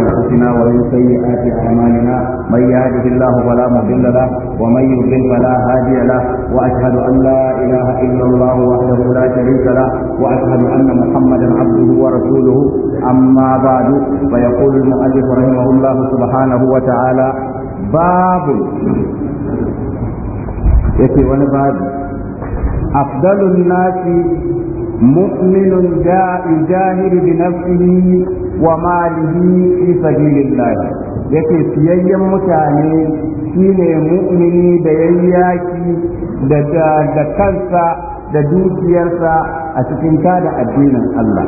أنفسنا ومن سيئات أعمالنا من يهده الله فلا مضل له ومن يضلل فلا هادي له وأشهد أن لا إله إلا الله وحده لا شريك له وأشهد أن محمدا عبده ورسوله أما بعد فيقول المؤلف رحمه الله سبحانه وتعالى باب يأتي wani babu أفضل الناس مؤمن جاهل بنفسه wa malihi fi sabilillah yake siyayyen mutane shine mu'mini da yayyaki da da kansa da dukiyarsa a cikin tada addinin Allah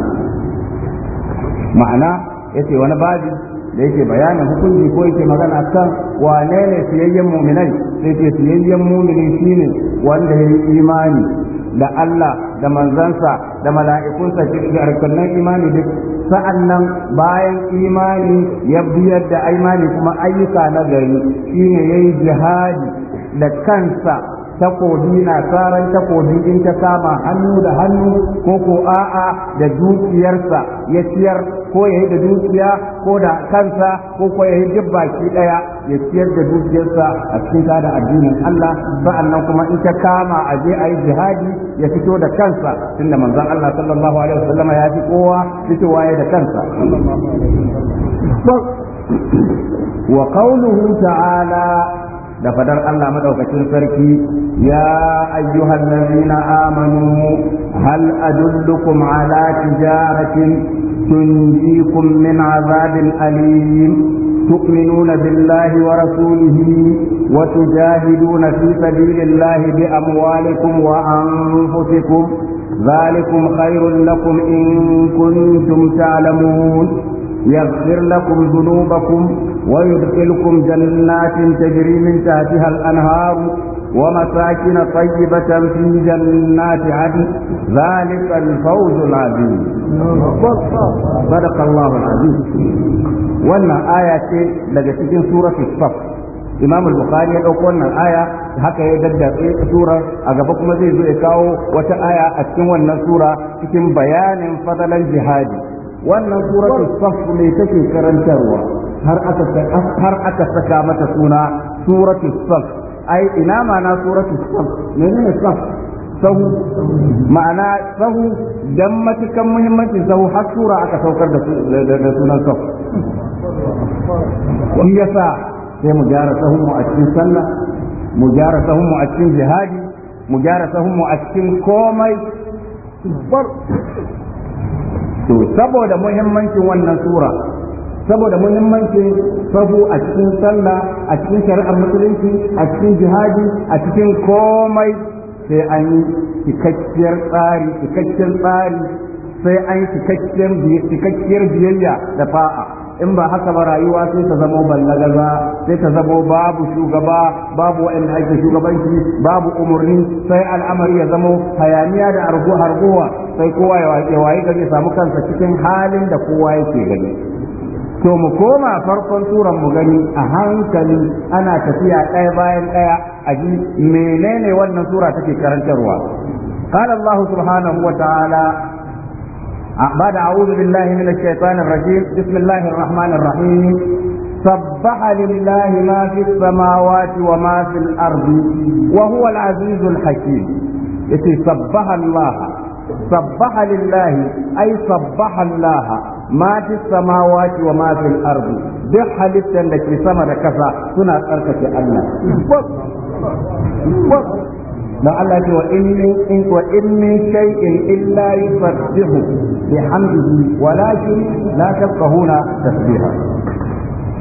ma'ana yace wani babi da yake bayanin hukunci ko yake magana kan wane ne siyayyen mu'minai sai ce siyayyen mu'mini shine wanda ya yi imani da Allah da manzansa da mala'ikunsa cikin harkannan imani duk sa'annan bayan imani ya biyar da imani kuma ayyuka na gari shine yayi jihadi da kansa takobi na tsaran takobi in ta kama hannu da hannu ko ko a'a da dukiyarsa ya ciyar ko ya yi da dukiya ko da kansa ko ko ya yi duk baki daya ya ciyar da dukiyarsa a cikin da addinin Allah nan kuma in ta kama a je a yi jihadi ya fito da kansa tunda manzon Allah sallallahu alaihi wasallam ya fi kowa fitowa ya da kansa wa qawluhu ta'ala da fadar Allah madaukakin sarki ya ayyuhan ladina amanu hal adullukum ala tijaratin tunjikum min azabin alim تؤمنون بالله ورسوله وتجاهدون في سبيل الله بأموالكم وأنفسكم ذلكم خير لكم إن كنتم تعلمون يغفر لكم ذنوبكم ويدخلكم جنات تجري من تحتها الأنهار ومساكن طيبة في جنات عدن ذلك الفوز العظيم صدق الله العظيم وانا آية لجتكين سورة الصف imam al-bukhari ya dauko wannan aya haka ya daddatse sura a gaba kuma zai zo ya kawo wata aya a cikin wannan sura cikin bayanin fadalan jihadi wannan suratul saff ne take karantarwa har aka har aka saka mata suna suratu saf ai ina ma'ana suratu saf menene saf sahu ma'ana sahu dan matukan muhimmancin sahu har sura aka saukar da sunan saf shi yasa sai mu gyara sahun mu a cikin sallah mu gyara sahun mu a cikin jihadi mu gyara sahun mu a cikin komai to saboda muhimmancin wannan sura saboda muhimmanci sahu a cikin sallah a cikin shari'ar musulunci a cikin jihadi a cikin komai sai an yi cikakkiyar tsari cikakkiyar tsari sai an yi cikakkiyar biyayya da fa'a in ba haka ba rayuwa sai ta zamo ba sai ta zamo babu shugaba babu wa'in ake shugabanci babu umarni sai al'amari ya zamo hayaniya da harguwa sai kowa ya waye gari ya samu kansa cikin halin da kowa yake gani to mu koma farkon suran mu gani a hankali ana tafiya ɗaya bayan ɗaya a ji menene wannan sura take karantarwa قال الله سبحانه وتعالى بعد أعوذ بالله من الشيطان الرجيم بسم الله الرحمن الرحيم سبح لله ما في السماوات وما في الأرض وهو العزيز الحكيم يتي سبح الله سبح لله أي سبح الله ma fi samawati wa ma fil ardi duk halittar da ke sama da kasa suna tsarkake Allah dan Allah ce wa inni in wa inni shay'in illa yusabbihu bihamdihi walakin la tafqahuna tasbiha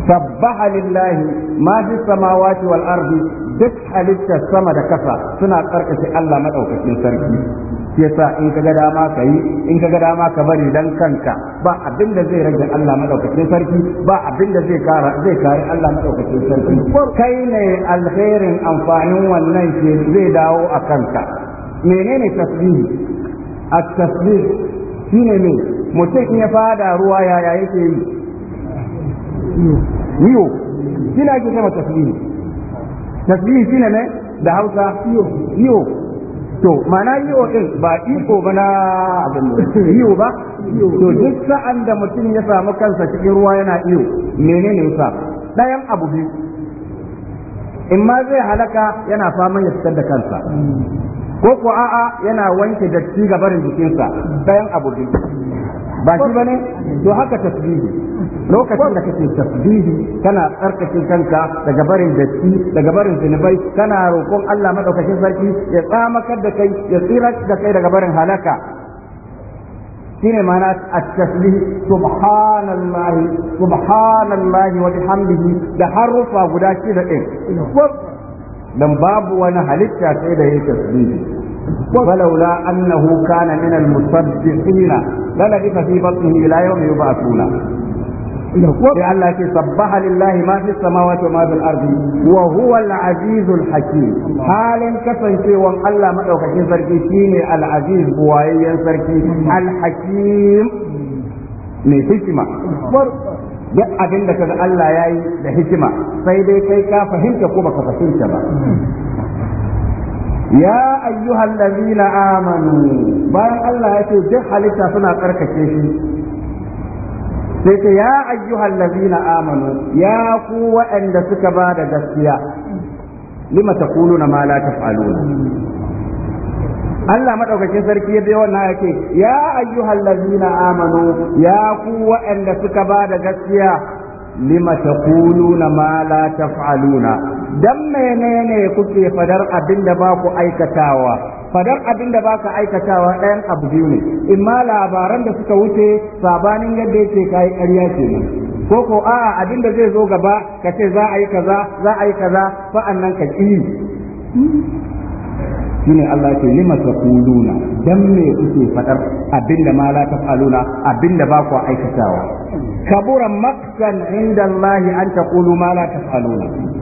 سبح لله ما في السماوات والأرض duk halitta sama da kasa suna karkace Allah madaukakin sarki yasa in kaga dama ka yi in kaga dama ka bari dan kanka ba abin da zai rage Allah madaukakin sarki ba abin da zai kara zai kare Allah madaukakin sarki kai ne alherin amfanin wannan ke zai dawo a kanka menene tasbih at-tasbih shine ne mutum in ya fada ruwa yaya yake yi yiwo kina ke sama tasbih tasbihi shine ne da Hausa iyo to mana iyo din ba iko ba na abin iyo ba to duk sa'an da mutum ya samu kansa cikin ruwa yana iyo menene yasa dayan abu biyu in ma zai halaka yana faman ya fitar da kansa mm. ko ko a'a yana wanke datti gabarin jikinsa dayan abu biyu ba shi bane to haka tasbihi lokacin da kake tasbihi kana tsarkake kanka daga barin datti daga barin zinubai kana roƙon Allah madaukakin sarki ya tsamakar da kai ya tsira da kai daga barin halaka shine ma'ana at-tasbih subhanallahi subhanallahi wa bihamdihi da harufa guda shida din dan babu wani halitta sai da yake tasbihi فلولا أنه كان من المصدقين للبث في بطنه إلى يوم يبعثون لأن التي سبح لله ما في السماوات وما في الأرض وهو العزيز الحكيم حال كسنتي وان الله ما يوكشين سركي شيني العزيز بوايا سركي الحكيم من حكمة duk abin da kaga Allah ya yi da hikima sai dai kai ka fahimta ko baka fahimta ba ya ayyuhal ladina amanu bayan Allah ya ce duk halitta suna karkace shi sai ce ya ayyuhal ladina amanu ya ku waɗanda suka ba da gaskiya lima taquluna ma la taf'aluna Allah madaukakin sarki ya bai wannan yake ya ayyuhal ladina amanu ya ku waɗanda suka ba da gaskiya lima taquluna ma la taf'aluna dan menene kuke fadar abin da ba ku aikatawa fadar abin da ka aikatawa ɗayan abu biyu ne in ma labaran da suka wuce sabanin yadda yake kai ƙarya kenan ko ko a abin da zai zo gaba ka ce za a yi kaza za a yi kaza nan ka ki shine Allah ce lima taquluna dan me kuke fadar da ma la tafaluna da ba ku aikatawa kabura makkan inda Allah an taqulu ma la tafaluna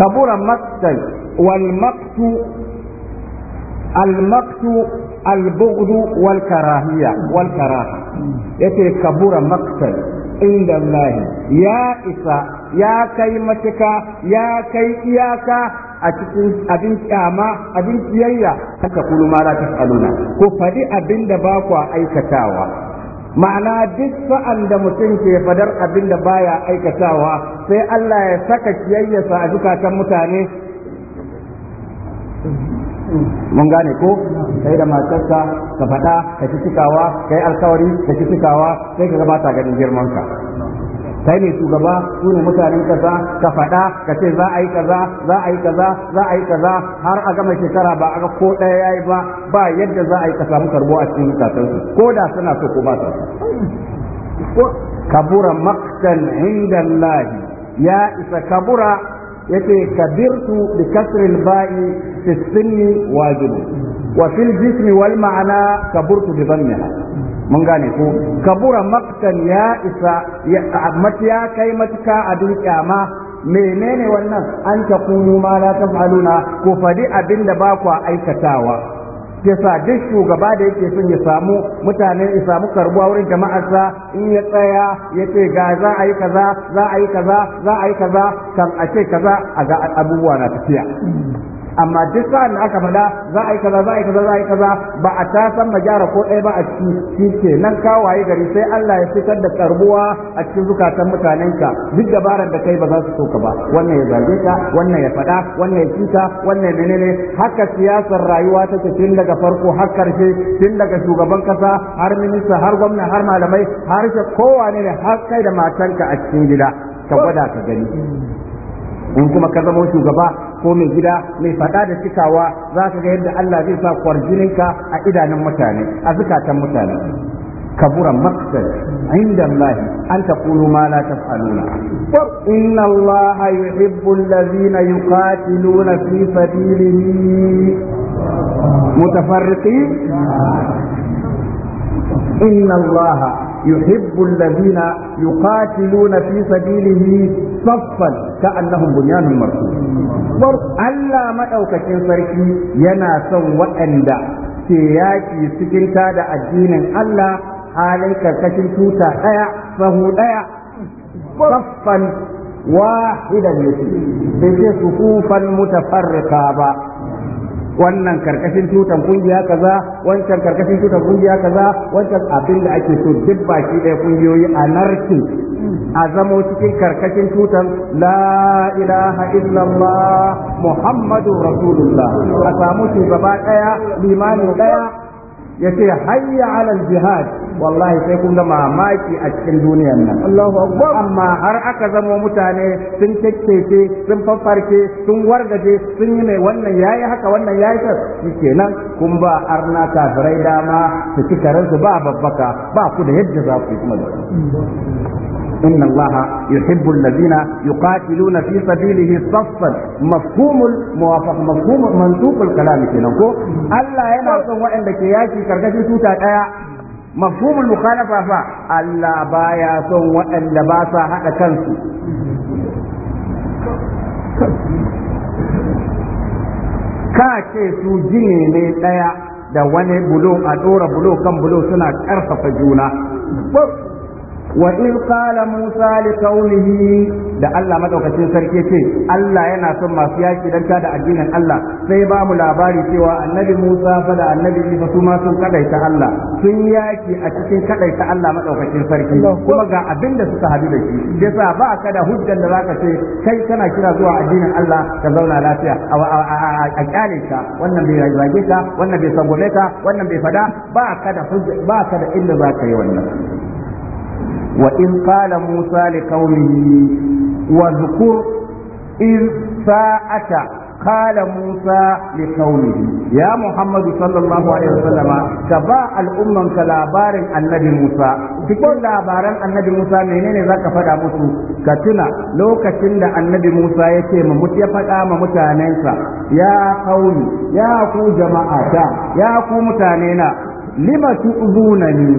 kabura maktan wal maktu al maktu al bughdu wal karahiya wal karaha yace kabura maktan inda Allah ya isa ya kai matuka ya kai iyaka a cikin abin kyama abin kiyayya haka kulu ma la tasaluna ko fadi abin da ba ku aikatawa ma'ana duk sa'an da mutum ke fadar abin da baya aikatawa sai Allah ya saka kiyayyasa a zukatan mutane mun gane ko sai da matarsa ka faɗa ka ci cikawa ka yi alkawari ka ci cikawa sai ka gabata ganin girmanka kai ne shugaba su ne mutanen kaza ka faɗa ka ce za a yi kaza za a yi kaza za a yi kaza har a gama shekara ba a ga ko ɗaya ya yi ba ba yadda za a yi ka samu karbo a cikin su ko da suna so ko ba su kabura maktan inda Allah ya isa kabura yace kabirtu bi kasril ba'i fi sinni wajibu wa fil jismi wal ma'ana kaburtu bi dhammiha mun gane ko kabura maktan ya isa ya ya kai matuka a abin kyama menene wannan an ta kunu ma la taf'aluna ku fadi abin da ba ku aikatawa sa duk shugaba da yake son ya samu mutane ya samu karbuwa wurin jama'arsa in ya tsaya ya ce ga za a yi kaza za a yi kaza za a yi kaza kan a ce kaza a ga abubuwa na tafiya amma duk sa'an da aka faɗa za a yi kaza za a yi kaza za a yi kaza ba a ta san majara ko ɗaya ba a ciki shi ke nan kawaye gari sai Allah ya fitar da karbuwa a cikin zukatan mutanenka duk dabarar da kai ba za su so ka ba wannan ya zage ka wannan ya faɗa wannan ya cuta, wannan menene haka siyasar rayuwa ta ce, tun daga farko har karshe tun daga shugaban kasa har minista har gwamna har malamai har kowane ne har kai da matanka a cikin gida ka gwada ka gani in kuma ka zama shugaba ko mai gida mai fada da cikawa za ka ga yadda Allah zai sa kwarjininka a idanun mutane a zukatan mutane kabura maqsad inda Allah an ta kulu ma la taf'aluna wa inna Allah yuhibbu alladhina yuqatiluna fi sabilihi mutafarriqin inna Allah يحب الذين يقاتلون في سبيله صفا كأنهم بنيان مرصوص Allah maɗaukacin sarki yana son waɗanda ke yaƙi cikinta da addinin Allah halin karkashin tuta ɗaya, sahu ɗaya, saffan wahidan yake, bai ce sufufan mutafarrika ba. wannan karkashin tutan kungiya kaza wancan karkashin tutan kungiya kaza wancan abin da ake so duk baki ɗaya kungiyoyi a narki a zamo cikin karkashin tutan la ilaha illallah muhammadu rasulullah a samu shugaba ɗaya limani ɗaya yace hayya alal jihad wallahi sai kun ga mamaki a cikin duniyar nan Allahu akbar amma har aka zama mutane sun kekkece sun farfarke sun wargaje sun yi mai wannan yayi haka wannan yayi ta kenan kun ba arna kafirai dama su ci karansu ba babbaka ba ku da yadda za ku yi kuma إن الله يحب الذين يقاتلون في سبيله صفا مفهوم الموافق مفهوم منطوق الكلام في كنا الله ينا سوى عندك ياكي كركشي توتا مفهوم المخالفة فا الله بايا سوى وإن لباسا حتى كنسو ka ce su jini ne ɗaya da wani bulo a ɗora bulo kan bulo suna ƙarfafa juna wa in qala musa li da Allah madaukakin sarki ce Allah yana son masu yaki dan da addinin Allah sai ba mu labari cewa annabi Musa fa da annabi Isa su ma sun kadaita Allah sun yaki a cikin kadaita Allah madaukakin sarki kuma ga abinda suka hadu da shi yasa ba ka da hujjar da zaka ce kai kana kira zuwa addinin Allah ka zauna lafiya a kyale ka wannan bai rage ka wannan bai sagome ka wannan bai fada ba ka da hujja ba ka da illa zaka yi wannan وإن قال موسى لقومه واذكر إذ ساءت قال موسى لقومه يا محمد صلى الله عليه وسلم تبع الأمم كلابار النبي موسى cikin labaran annabi Musa menene zaka faɗa musu ka tuna lokacin da annabi Musa ya ce ma ya faɗa ma mutanensa ya kauni ya ku jama'ata ya ku mutanena lima tu'zunani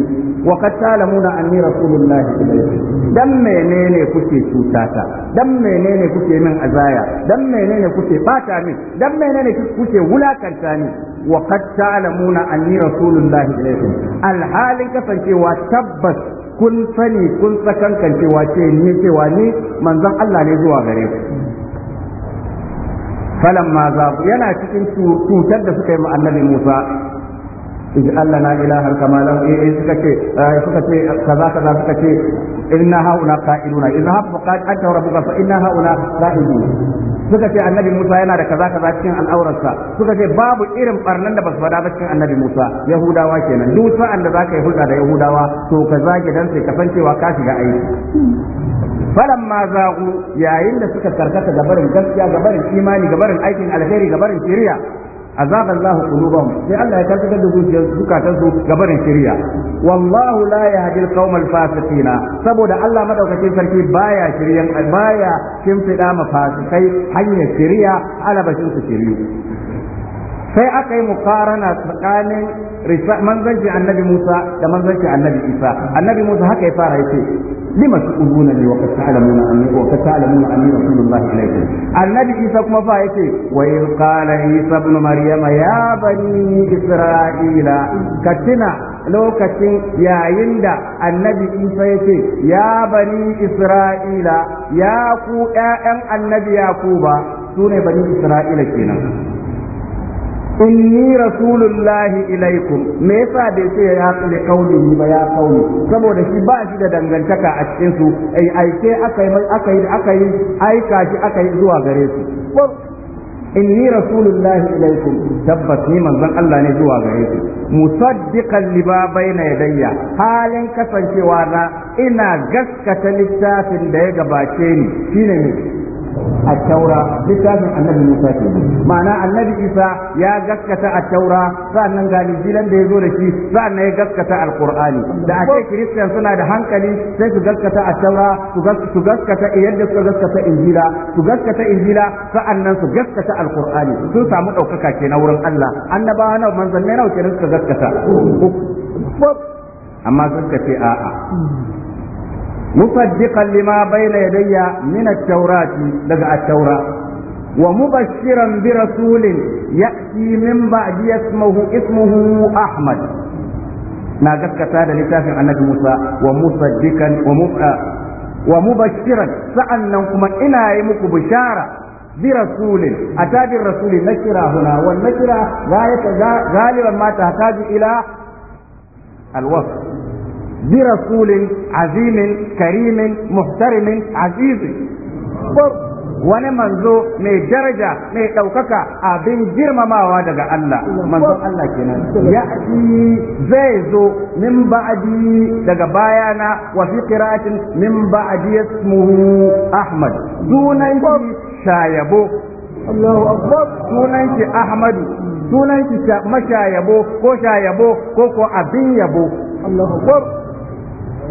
wa qad ta'lamuna anni rasulullah ilaykum dan menene kuke cutata dan menene kuke min azaya dan menene kuke bata min dan menene kuke wulakanta ni wa qad ta'lamuna anni rasulullah ilaykum alhalin wa tabbas kun sani kun tsakankan cewa ce ni ce wa ni manzon Allah ne zuwa gare ku falamma zabu yana cikin cutar da suka yi annabi Musa اجعل لنا إلها كما له إيه سكتي سكتي كذا كذا سكتي إن هؤلاء قائلون اذهب فقال أنت ربك فإن هؤلاء قائلون annabi Musa yana da kaza-kaza cikin al'aurarsa suka ce babu irin barnan da basu fada ba cikin annabi Musa Yahudawa kenan duk sa'an da zaka yi hulɗa da Yahudawa to ka zage dan sai ka san cewa ka shiga aiki falan ma zagu yayin da suka karkata gabarin gaskiya gabarin imani gabarin aikin alheri gabarin shari'a azaban Allah qulubahum sai Allah ya karkatar da zuciyar zukatan su gabarin shirya, wallahu la yahdi al-qaum al-fasiqin saboda Allah madaukakin sarki baya shiryan baya shimfida mafasikai hanyar shirya alabashin su shiriyu sai aka yi mukarana tsakanin manzanci annabi Musa da manzanci annabi Isa annabi Musa haka ya fara yace lima tu'uduna li wa qad ta'lamuna anni wa qad ta'lamuna anni rasulullahi ilaykum annabi Isa kuma fa yace wa in qala Isa ibn Maryama ya bani Isra'ila katina lokacin yayin da annabi isa ya ya bani isra'ila ya ku ’ya'yan annabi yakuba su ne bani isra'ila kenan inni rasulullahi ilaikum me yasa bai ce ya tsale kauli ba ya kauli saboda shi ba shi da dangantaka a cikin su ai aike aka yi akai da aka yi aika shi akai zuwa gare su inni rasulullahi ilaikum tabbas ni manzon Allah ne zuwa gare su musaddiqan ba baina yadayya halin kasancewa na ina gaskata littafin da ya gabace ni shine ne التوراة لتابع النبي موسى معنى النبي عيسى يا جكة التوراة فأنا قال الجيلان بيزول زورشي فأنا يجكة القرآن دا أشياء كريستيان سنة دا هنكلي سيسو جكة التوراة تجكة إيادة تجكة إنجيلا تجكة إنجيلا فأنا سجكة القرآن سو سامو أوكاكا كينا ورن الله أنا بانا ومنزلنا وكينا سجكة amma sun ka ce a'a مصدقا لما بين يدي من التوراة لقى التوراة ومبشرا برسول يأتي من بعد اسمه اسمه أحمد na gaskata da littafin annabi Musa wa musaddikan wa mufa wa kuma ina yi muku bishara bi rasulin atabir rasuli nakira huna wa nakira galiban ma tahtaju ila alwasf برسول عظيم كريم محترم عزيز wani manzo mai daraja mai ɗaukaka abin girmamawa daga Allah manzo Allah kenan ya zai zo min ba'adi daga bayana wa fi qira'atin min ba'adi ismuhu Ahmad sunan shayabo Allahu akbar sunan ki Ahmadu sunan ki mashayabo ko shayabo ko ko abin yabo Allahu akbar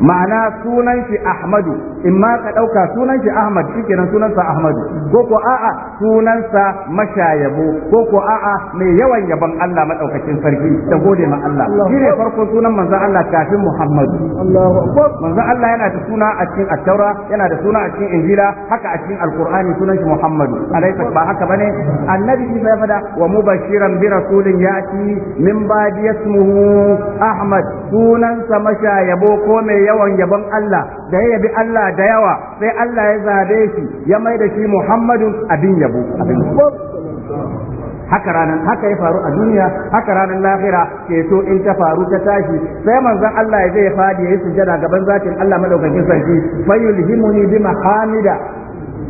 ma'ana sunan shi Ahmadu in ma ka ɗauka sunan shi Ahmad shikenan sunansa Ahmadu ko ko a'a sunansa mashayabo ko ko a'a mai yawan yabon Allah madaukakin sarki da gode ma Allah shine farkon sunan manzon Allah kafin Muhammadu Allahu manzon Allah yana da suna a cikin at yana da suna a cikin Injila haka a cikin al sunan shi Muhammadu alaysa ba haka bane annabi Isa ya fada wa mubashiran bi rasulin ya'ti min ba'di ismuhu Ahmad sunansa mashayabo ko mai yawan yabon Allah da ya yabi Allah da yawa sai Allah ya zabe shi ya mai da shi Muhammadun abin yabo haka ranar haka ya faru a duniya haka ranar lahira ceto in ta faru ta tashi sai manzon Allah ya zai fadi yi sujada gaban zatin Allah madaukakin sarki fayulhimuni bi mahamida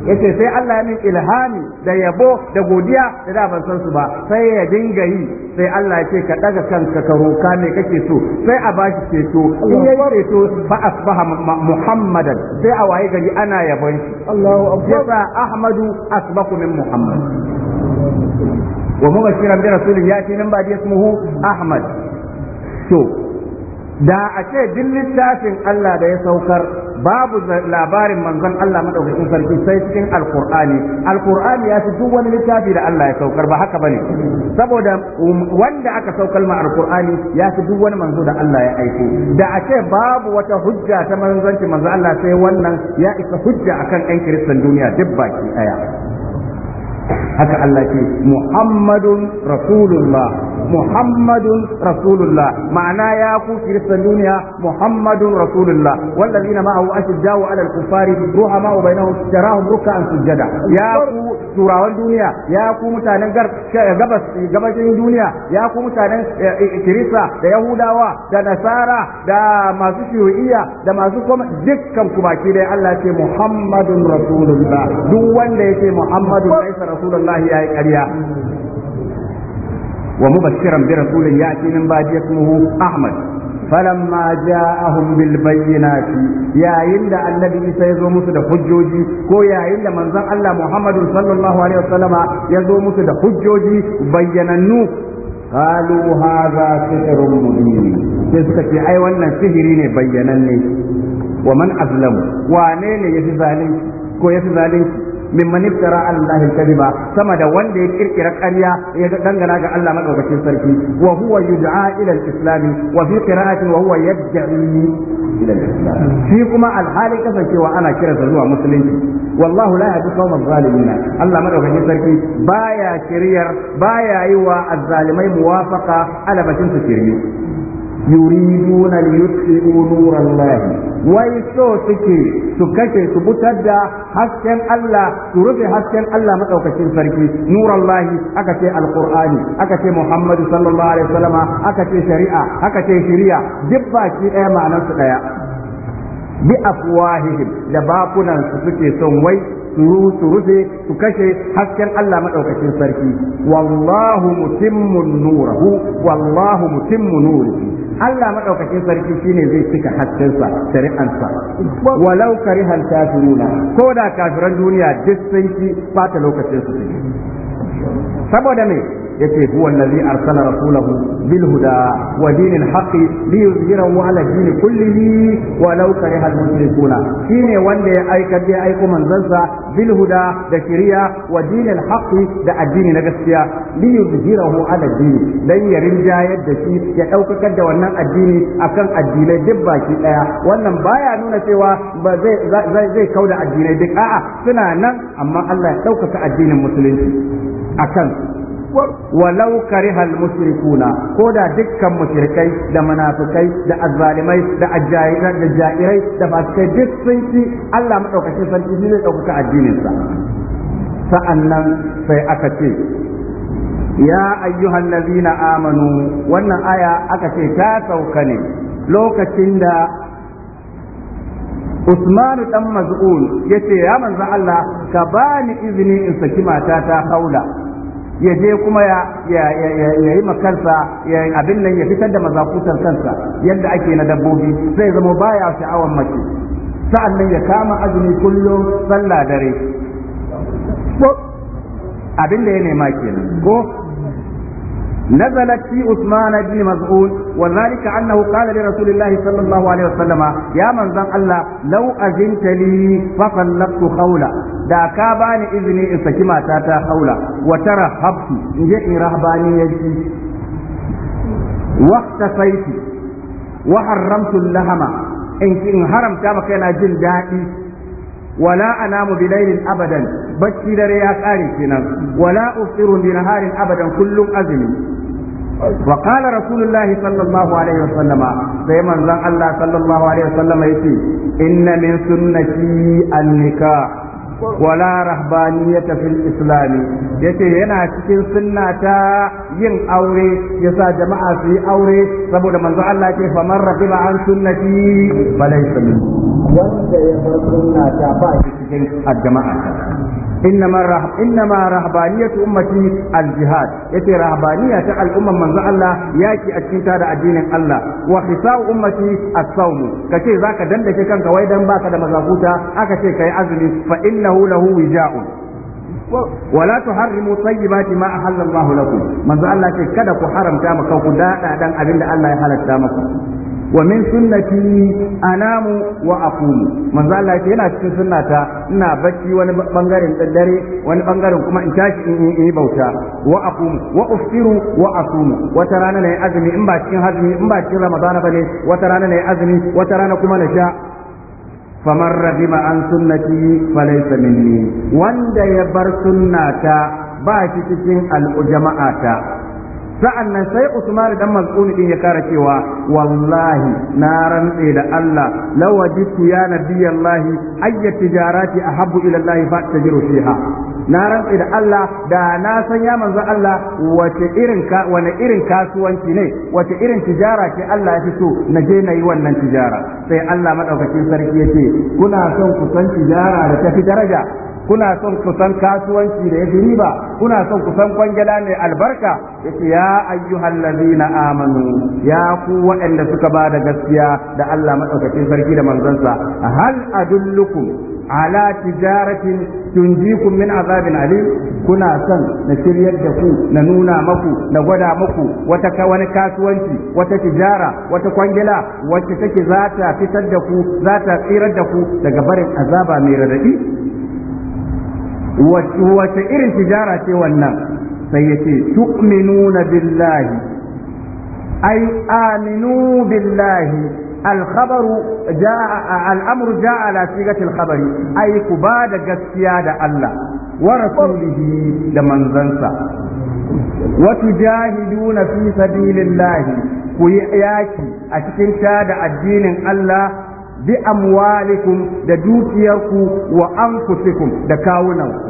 yace sai Allah ya min ilhami da yabo da godiya da da ban san su ba sai ya dinga yi sai Allah ya ce ka daga kanka ka roka me kake so sai a bashi ceto in ya ceto fa asbaha muhammadan sai a waye gari ana yabon shi Allahu akbar ahmadu asbaku min muhammad wa mubashiran bi rasulin yati nan ba ismuhu ahmad to da a ce din littafin Allah da ya saukar babu labarin manzon Allah madaukakin sarki sai cikin alqur'ani alqur'ani ya fi duk wani littafi da Allah ya saukar ba haka bane saboda um, wanda aka saukar ma alqur'ani ya fi duk wani manzo da Allah ya aiko da a ce babu wata hujja ta manzanci manzo Allah sai wannan ya isa hujja akan ɗan kiristan duniya duk baki ɗaya haka Allah ke Muhammadun Rasulullah Muhammadun Rasulullah ma'ana ya ku kiristan duniya Muhammadun Rasulullah wallazina ma'ahu ashiddaw 'ala al-kuffari ruhama wa bainahum tarahum ruk'an sujada ya ku turawan duniya ya ku mutanen gabas gabashin duniya ya ku mutanen eh, eh, kirista da yahudawa da nasara da masu shiyoyiya da masu kuma dukkan ku baki dai Allah ce Muhammadun Rasulullah duk wanda yake Muhammadun laisa rasulullahi yayi ƙarya wa mubashiran bi rasulin ya'ti min ba'di ismuhu ahmad falamma ja'ahum bil bayyinati yayin da annabi Isa ya zo musu da hujjoji ko yayin da manzon Allah Muhammadu sallallahu alaihi wasallama ya zo musu da hujjoji قالوا هذا سحر مبين sai suka ce ai wannan sihiri ne bayyananne wa man azlamu wane ne min iftara ala Allah al-kadhiba sama da wanda ya kirkira ƙarya ya dangana ga Allah madaukakin sarki wa huwa yud'a ila al-islam wa fi qira'atin wa huwa yad'i ila al-islam shi kuma alhali kasancewa ana kiransa zuwa musulunci wallahu la yahdi qawma zalimin Allah madaukakin sarki baya kiriyar baya yi wa azzalimai muwafaqa ala batin su kirmi yuriduna liyutfi'u nurallahi wai so suke su kashe su butar da hasken Allah su rufe hasken Allah madaukakin sarki nurallahi aka ce alqur'ani aka ce Muhammadu sallallahu alaihi wasallam aka ce shari'a aka ce shari'a duk baki ɗaya ma'anar ɗaya bi afwahihim da bakunan su suke son wai su su rufe su kashe hasken Allah madaukakin sarki wallahu mutimmun nurahu wallahu mutimmu nurihi Allah madaukakin sarki shine zai cika haskensa shari'ansa walau karihal kafiruna ko da kafiran duniya duk sun ki bata lokacin su saboda me yace huwa allazi arsala rasulahu bil huda wa dinil haqqi li ala din kullihi wa law kariha al mushrikuna shine wanda ya aika da aiko manzansa bil huda da kiriya wa dinil haqqi da addini na gaskiya li ala din dan ya yadda da shi ya daukakar da wannan addini akan addinai duk baki daya wannan baya nuna cewa ba zai zai kauda addinai duk a'a suna nan amma Allah ya ɗaukaka addinin musulunci akan walau karihal mushrikuna ko da dukkan mushrikai da munafikai da azzalimai da ajjairai da jairai da fasikai duk sun ci Allah madaukakin sarki ne zai dauka addinin sa sa'annan sai aka ce ya ayyuhan ladina amanu wannan aya aka ce ta sauka ne lokacin da Usmanu dan Maz'un yace ya manzo Allah ka bani izini in saki matata haula ya je kuma ya yi makarsa ya abin nan ya fitar da mazakutan kansa yadda ake na dabbobi zai zama baya sha'awar mace sa'an nan ya kama azumi kullum sallah dare abin da ya nema kenan ko نزلت في عثمان بن مزعون وذلك أنه قال لرسول الله صلى الله عليه وسلم يا من ذن الله لو أذنت لي فطلقت خولا da ka bani izini in saki matata haula wa tara habtu in je in rahbani yaji waqta saiti wa haramtu lahama in in haramta maka yana jin daɗi wala anamu bilailin abadan bacci dare ya kare kenan wala usiru bi naharin abadan kullum azumi wa qala rasulullahi sallallahu alaihi wasallama sai manzon Allah sallallahu alaihi wasallama yace inna min sunnati an-nikah wala rahbaniyata fil islam yace yana cikin sunnata yin aure yasa jama'a su yi aure saboda manzon Allah yake fa man raqiba an sunnati falaysa min wanda ya bar sunnata ba cikin jama'a إنما الرهب إنما رهبانية أمتي الجهاد يتي رهبانية الأمة من الله يأتي أتكين تارا الدين الله وخصاء أمتي الصوم كشي ذاك دندك كان كويدا باك دم زابوتا أكشي كي أزلي فإنه له وجاء ولا تحرموا طيبات ما أحل الله لكم من الله كي كدك حرم تامك وكداء دان أبين الله يحلت تامك wa min sunnati anamu wa aqumu manzo Allah yake yana cikin sunnata ina bacci wani bangaren dare wani bangaren kuma in tashi in yi bauta wa aqumu wa uftiru wa asumu wata rana ne azumi in ba cikin azumi in ba cikin ramadana bane wata rana ne azumi wata rana kuma na sha فمن رغب عن سنتي فليس مني وان يبر سنتا باشي cikin al'ujama'ata Sa'an nan sai Usman dan Mazuni din ya kara cewa wallahi na rantse da Allah lawajitu ya nabiyallahi ayya tijarati ahabbu ila Allah fa tajiru fiha na rantse da Allah da na san ya manzo Allah wace irin ka wani irin kasuwanci ne wace irin tijara ce Allah ya fi so na je na yi wannan tijara sai Allah madaukakin sarki yace kuna son ku san tijara da ta fi daraja kuna son ku san kasuwanci da yafi riba kuna son ku san kwangila mai albarka yace ya ayyuhal ladina amanu ya ku waɗanda suka ba da gaskiya da Allah madaukakin sarki da manzansa hal adullukum ala tijaratin tunjikum min azabin alim kuna son na shiryar da ku na nuna maku na gwada maku wata wani kasuwanci wata tijara wata kwangila wacce take zata fitar da ku za tsirar da ku daga barin azaba mai radadi wace irin tijara ce wannan sai ya ce tu'minuna billahi ai aminu billahi الخبر جاء الامر جاء على صيغه الخبر اي كبا da gaskiya da Allah wa rasulihi da manzansa wa tujahiduna fi sabilillah ku yaki a cikin tada addinin Allah bi amwalikum da dukiyarku wa anfusikum da kawunanku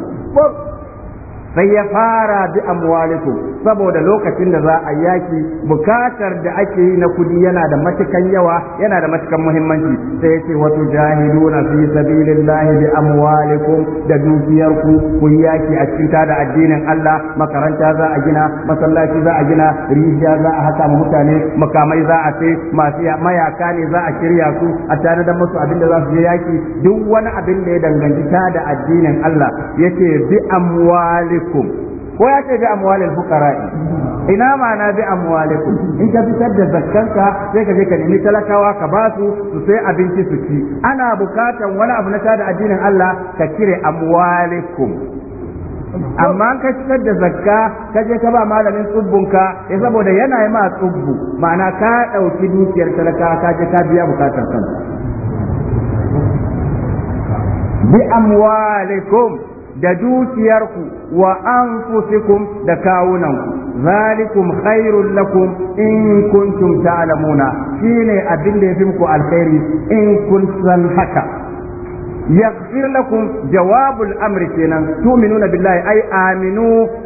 sai ya fara bi amwalikum saboda lokacin da za a yaki bukatar da ake yi na kudi yana da matukan yawa yana da matukan muhimmanci sai yace wato jahiluna fi sabilillahi bi amwalikum da dukiyarku ku yaki a cikin da addinin Allah makaranta za a gina masallaci za a gina rijiya za a haka mutane makamai za a sai masu mayaka ne za a shirya su a tare da musu abin da za su je yaki duk wani abin da ya danganci da addinin Allah yake bi amwalikum amwalikum ko ya ce bi ina ma'ana bi amwalikum in ka fitar da zakkanka sai ka je ka nemi talakawa ka ba su su sai abinci su ci ana bukatan wani abu na tada addinin Allah ka kire amwalikum amma ka fitar da zakka ka je ka ba malamin tsubbunka ya eh, saboda yana yi ma tsubbu ma'ana ka ɗauki dukiyar talaka ka je ka biya bukatar kanka bi amwalikum da dukiyarku wa anfusikum da kawunanku zalikum khairul lakum in kuntum ta'lamuna shine abin da yafi muku alkhairi in kun san haka yaghfir lakum jawabul amri kenan tu'minuna billahi ay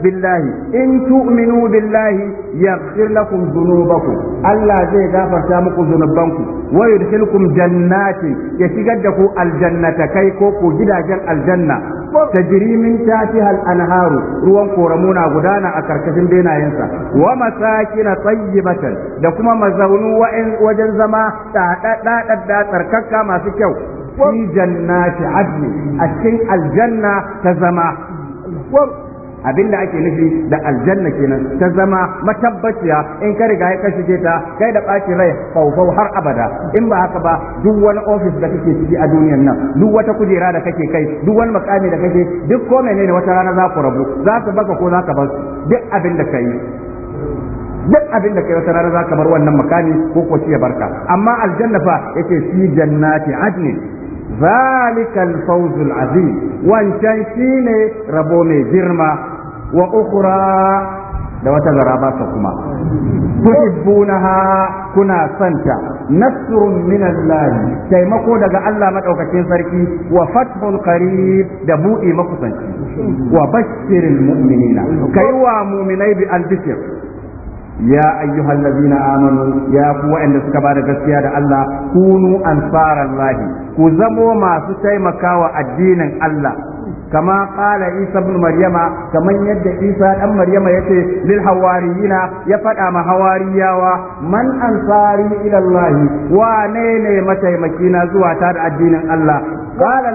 billahi in tu'minu billahi yaghfir lakum dhunubakum Allah zai gafarta muku zunubanku wa yudkhilukum jannatin ya shigar da ku aljannata kai ko ku gidajen aljanna tajri min tahtiha al-anharu ruwan na gudana a karkashin benayensa wa masakina tayyibatan da kuma mazaunu wajen zama da tsarkaka masu kyau في jannati عدن a cikin aljanna ta abin da ake nufi da aljanna kenan ta zama matabbaciya in ka riga ka shige ta kai da ɓaci rai faufau har abada in ba haka ba duk wani ofis da kake ciki a duniyar nan duk wata kujera da kake kai duk wani makami da kake duk ko menene wata rana za ku rabu za ka baka ko za ka bar duk abin da kai duk abin da kai wata rana za ka bar wannan makami ko ko ya barka amma aljanna fa yake fi jannati adni zalikal fawzul azim wancan shine rabo mai girma wa da wata zaraba ka kuma tuhibbunaha na santa nasrun min Allah taimako daga Allah maɗaukacin sarki wa fathul qarib da buɗe makusanci wa bashiril mu'minina kai wa mu'minai bi albishir يا أيها الذين آمنوا يا قوة أن تكبر قسيا الله كونوا أنصار الله كزموا ما ستيمكا الدين الله kama qala isa ibn maryama kaman yadda isa ɗan maryama yace lil hawariyina ya fada ma hawariyawa man ansari ila allah wa ne mataimaki na zuwa ta da addinin allah قال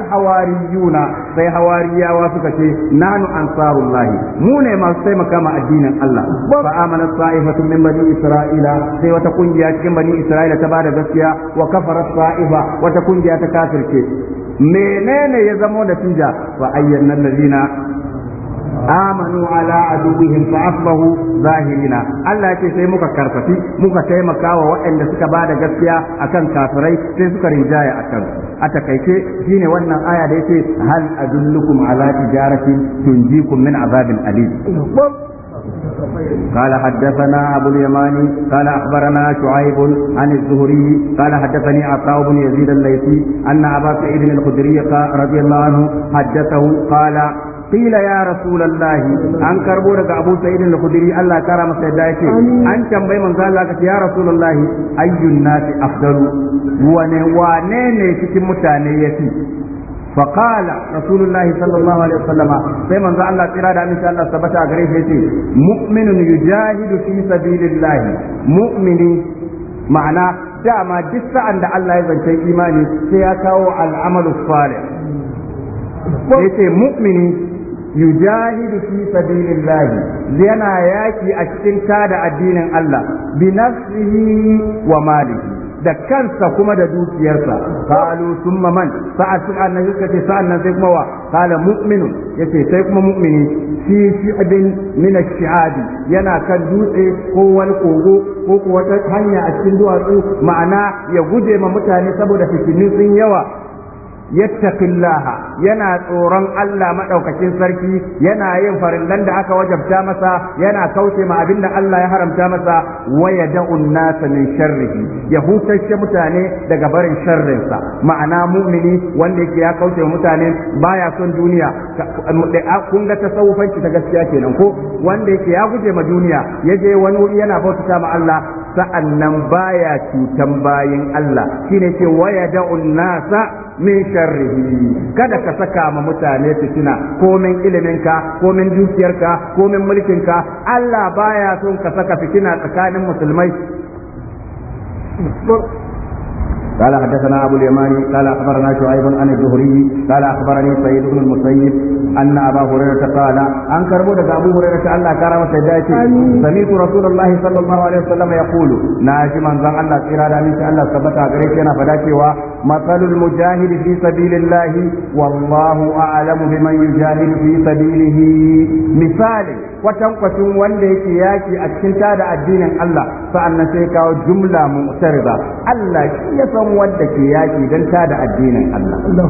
sai hawariyawa suka ce, na nu ansarullahi, mu ne masu taimaka ma addinin Allah fa amana sa'ifatu min bani isra'ila sai wata ƙungiya cikin bani isra'ila ta ba da gaskiya wa kafara sa'ifa wata ƙungiya ta kafirce menene ya zamo natija wa ayyana allazina amanu ala aduwihim fa asbahu zahirina Allah yake sai muka karfafi muka taimaka wa waɗanda suka ba da gaskiya akan kafirai sai suka rinjaya akan a takaice shine wannan aya da yake hal adullukum ala tijaratin tunjikum min azabin alim قال حدثنا أبو اليماني قال أخبرنا شعيب عن الزهري قال حدثني عطاء بن يزيد الليثي أن أبا سعيد الخدري رضي الله عنه حدثه قال قيل يا رسول الله أن كربو daga Abu Sa'id al-Khudri Allah kara masa yadda yake an tambayi manzo Allah kace ya Rasulullah ayyun nasi afdalu wane ne cikin mutane ya yafi فقال رسول الله صلى الله عليه وسلم سيما ذا الله ترى دا إن شاء الله ثبت أغريفه مؤمن يجاهد في سبيل الله مؤمن معنى dama duk sa'an da Allah ya zance imani sai ya kawo al'amalu salih yace mu'mini yujahidu fi sabilillah yana yaki a cikin tada addinin Allah bi wa malihi da kansa kuma da dukiyarsa qalu thumma man sa'at annabi kace sa'annan sai kuma wa qala mu'minu yace sai kuma mu'mini shi abin min ash-shi'abi yana kan dutse ko wani kogo ko wata hanya a cikin duwatsu ma'ana ya guje ma mutane saboda fitinin yawa yattaqillaha yana tsoron Allah madaukakin sarki yana yin farillan da aka wajabta masa yana kauce ma abinda Allah ya haramta masa waya yad'un nasa min sharrihi ya hutashe mutane daga barin sharrinsa ma'ana mu'mini wanda yake ya kauce mutane baya son duniya kun ga tasawufanki ta gaskiya kenan ko wanda yake ya guje ma duniya yaje wani wuri yana bautata ma Allah sa'annan baya cutan bayin Allah shine ce waya da'un nasa min sharrihi kada ka saka ma mutane fitina ko komin iliminka komin dukiyarka komin mulkinka Allah baya son ka saka fitina tsakanin musulmai قال حدثنا أبو اليماني قال أخبرنا شعيب عن الزهري قال أخبرني سيد بن المسيب أن أبا هريرة قال أن كربودة أبو هريرة أن كرم سيداتي سمعت رسول الله صلى الله عليه وسلم يقول ناجي من ظن الله إرادة من شأن الله ثبت أغريتنا فداتي ومثل المجاهد في سبيل الله والله أعلم بمن يجاهد في سبيله مثال kwatankwacin wanda yake yaki a cikin tada addinin Allah sa'annan sai kawo jumla mu'tarida Allah shi ya san wanda ke yaki dan tada addinin Allah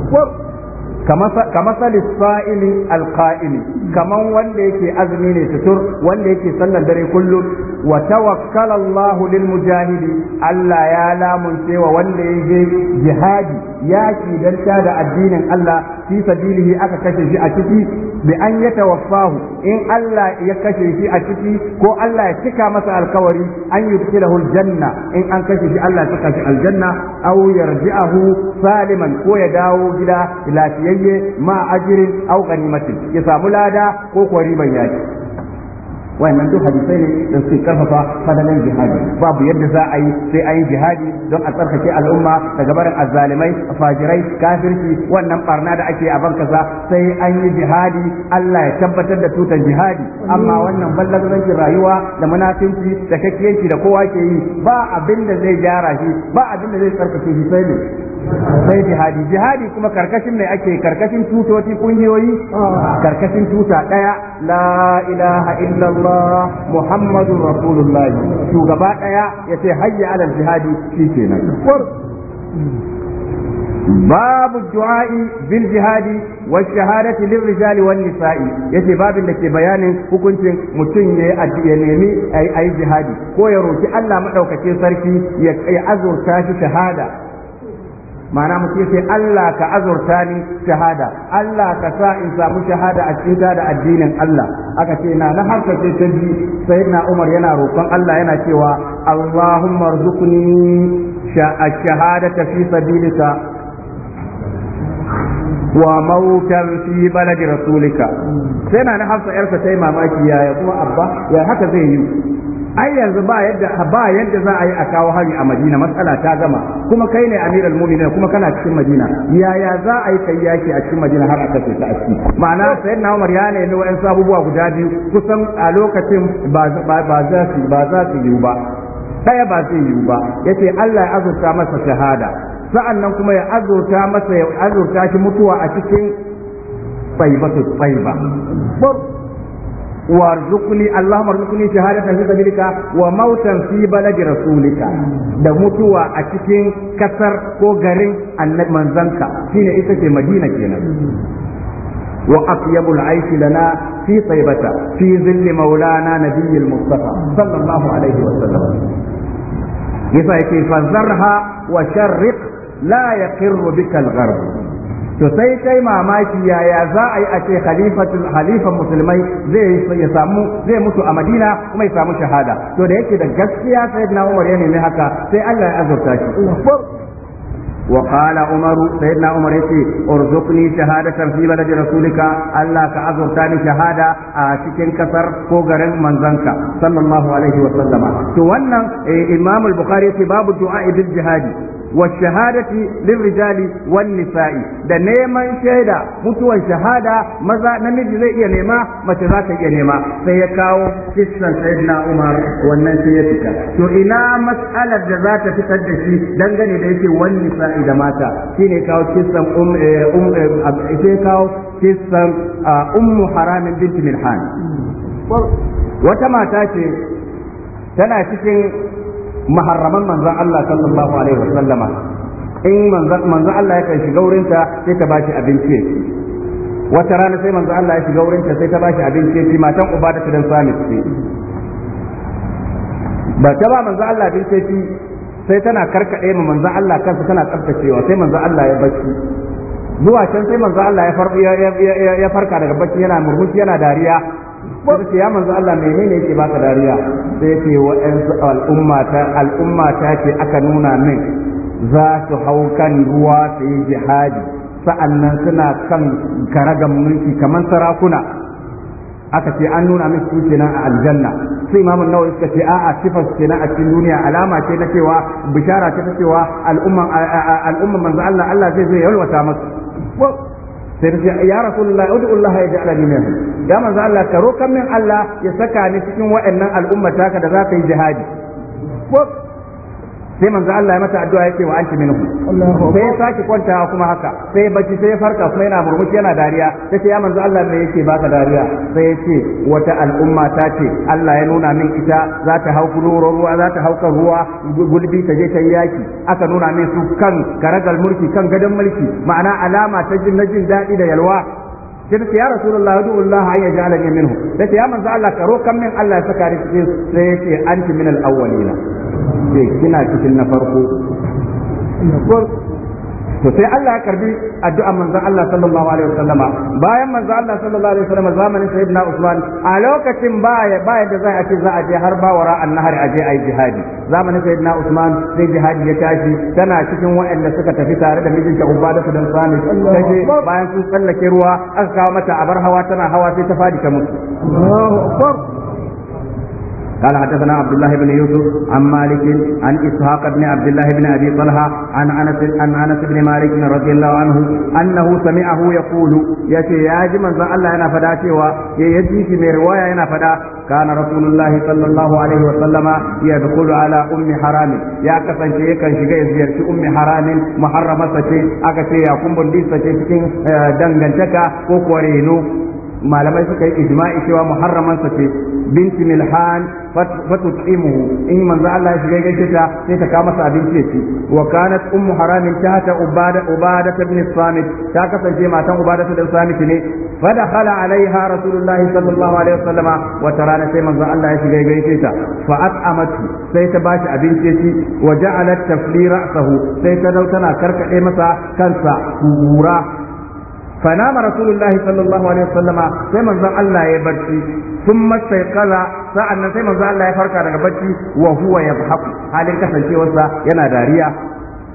kama salis fa'ili alqa'ili kaman wanda yake azumi ne tutur wanda yake sallar dare kullum wa tawakkala Allahu lil mujahidi Allah ya lamunce wa wanda ya je jihadi yaki dan da addinin Allah fi sabilihi aka kashe shi a ciki bi an tawaffahu in Allah ya kashe shi a ciki ko Allah ya cika masa alkawari an yudkhilahu aljanna in an kashe shi Allah ya cika shi aljanna aw yarji'ahu saliman ko ya dawo gida lafiyayye ma ajirin aw ganimatin ya samu lada ko ban yaki wannan duk hadisai ne da suke karfafa fadalan jihadi babu yadda za a yi sai a yi jihadi don a tsarkake al'umma daga barin azzalimai fajirai kafirci wannan barna da ake a ban kaza sai an yi jihadi Allah ya tabbatar da tutan jihadi amma wannan ballagancin rayuwa da munafinci da kakkiyanci da kowa ke yi ba abin da zai gyara shi ba abin da zai tsarkake shi sai ne sai jihadi jihadi kuma karkashin mai ake karkashin tutoci ƙungiyoyi. karkashin cuta ɗaya la ilaha illallah muhammadun rasulullah shugaba ɗaya ya ce hayya alal jihadi shikenan باب الدعاء بالجهاد والشهادة للرجال والنساء yace babin da ke bayanin hukuncin mutum ya nemi nemi ayi jihadi ko ya roki Allah maɗaukace sarki ya azurta shi shahada ma'ana mutum sai Allah ka azurta ni shahada Allah ka sa in samu shahada a cikin da addinin Allah aka ce na na harka ce ta ji sayyidina Umar yana roƙon Allah yana cewa Allahumma arzuqni shahadata fi sabilika wa mautan fi baladi rasulika sai na na hafsa yarsa ta yi mamaki yaya kuma abba ya haka zai yi ai yanzu ba yadda ba yadda za a yi a kawo hari a Madina matsala ta gama kuma kai ne Amirul Mu'minin kuma kana cikin Madina yaya za a yi kai a cikin Madina har a kace ta aski ma'ana sayyidina Umar ya ne wa'an sabuwa guda biyu kusan a lokacin ba za su ba za su yi ba daya ba zai yi ba yace Allah ya azurta masa shahada sa'annan kuma ya azurta masa ya azurta shi mutuwa a cikin tsaibatu ba warzuqni allahumma arzuqni shahadatan fi sabilika wa mautan fi baladi rasulika da mutuwa a cikin kasar ko garin annabi manzanka shine ita ce madina kenan wa atyabul aishi lana fi taibata fi zilli maulana nabiyil mustafa sallallahu alaihi wa sallam yasa yake fazarha wa sharriq la yaqirru bika al-gharb to sai kai mamaki yaya za a yi a ce khalifatu khalifa muslimai zai mutu a madina kuma ya samu shahada to da yake da gaskiya sai ibn Umar ya nemi haka sai Allah ya azurta shi wa qala umar sai ibn umar yake urzukni shahadatan fi baladi Allah ka azurta ni shahada a cikin kasar ko garin manzanka sallallahu alaihi wa sallama to wannan eh, imamu bukhari yake babu du'a idin jihadi والشهادة للرجال والنساء da neman shaida mutuwan shahada maza namiji zai iya nema mace za ta iya nema sai ya kawo kissan sayyidina Umar wannan sai ya fita to ina mas'alar da za ta fitar da shi dangane da yake wani nisa'i da mata shine kawo kissan um, eh, um eh, sai kawo kissan ah, ummu haramin binti hmm. wata mata ce tana cikin maharraman manzan Allah sallallahu alaihi sallama, in manzan Allah ya kai shiga wurinta sai ta bashi abinci ya wata rana sai manzan Allah ya shiga wurinta sai ta bashi abinci ya matan uba da ta dan sami ce ba ta ba manzan Allah abinci ya sai tana karkade ma manzan Allah kansa tana tsaftacewa sai manzan Allah ya bacci zuwa can sai manzan Allah ya farka daga bacci yana murmushi yana dariya sai ce ya manzo Allah menene yake baka dariya sai ce wa'ansu al'ummata al'ummata ce aka nuna min za su hau kan ruwa su yi jihadi sa'annan suna kan karagan mulki kamar sarakuna aka ce an nuna min su kenan a aljanna sai imamun nawawi suka ce a'a sifar kenan a cikin duniya alama ce na cewa bishara ce ta cewa al'umman manzo Allah Allah zai zai yalwata masu sai ce ya rasulullah ud'u Allah ya ja'ala ni minhum ya manzo Allah ka rokan min Allah ya saka ni cikin wa'annan al'ummata ka da za ka yi jihadi sai manzo Allah ya mata addu'a yake wa anti minhu sai ya sake kwantawa kuma haka sai bacci sai ya farka kuma yana murmushi yana dariya sai ya manzo Allah me yake baka dariya sai ya ce wata al'umma ta ce Allah ya nuna min ita za ta hau kunuron ruwa za ta hau ruwa gulbi ta je ta yaki aka nuna min su kan karagal mulki kan gadon mulki ma'ana alama ta jin na jin daɗi da yalwa sai ta ya rasulullah wa Allah ya jala ni minhu sai ta ya manzo Allah karo kan min Allah ya saka ni cikin sai ya ce anti min al-awwalina kina cikin na farko to sai Allah ya karbi addu'ar manzon Allah sallallahu alaihi wasallama bayan manzon Allah sallallahu alaihi wasallama zamanin sayyidina Usman a lokacin baya baya da zai a ce za a je har bawara annahar a je ayi jihadi zamanin sayyidina Usman sai jihadi ya tashi tana cikin waɗanda suka tafi tare da mijinta su dan ta je bayan sun tsallake ruwa aka kawo mata abar hawa tana hawa sai ta fadi ta mutu Allahu akbar قال حدثنا عبد الله بن يوسف عن مالك عن اسحاق بن عبد الله بن ابي طلحه عن انس عن انس بن مالك رضي الله عنه انه سمعه يقول يتي يا جمن الله انا فدا يجيك من روايه انا فدا كان رسول الله صلى الله عليه وسلم يدخل على ام حرام يا كسان شيء كان شيء زيارتي ام حرام محرمه ce aka ce ya kumbun disa ce cikin dangantaka ko kwareno malamai suka yi ijma'i cewa muharraman sa ce binti milhan fatut'imuhu in manzo Allah ya shiga gaishe ta sai ta kama masa abinci ya ci wa kanat ummu haramin ta ubada ubada ibn samit ta kasance matan ubada ibn samit ne fa dakhala alaiha rasulullahi sallallahu alaihi wasallam wa tarana sai manzo Allah ya shiga gaishe ta fa at'amatu sai ta bashi abinci ya ci wa ja'alat tafli ra'sahu sai ta dau tana karkade masa kansa kura فنام رسول الله sai الله عليه وسلم سيما زال الله يبكي ثم استيقظ sa'annan sai manzo Allah ya farka daga bacci wa huwa yadhhak halin kasancewarsa yana dariya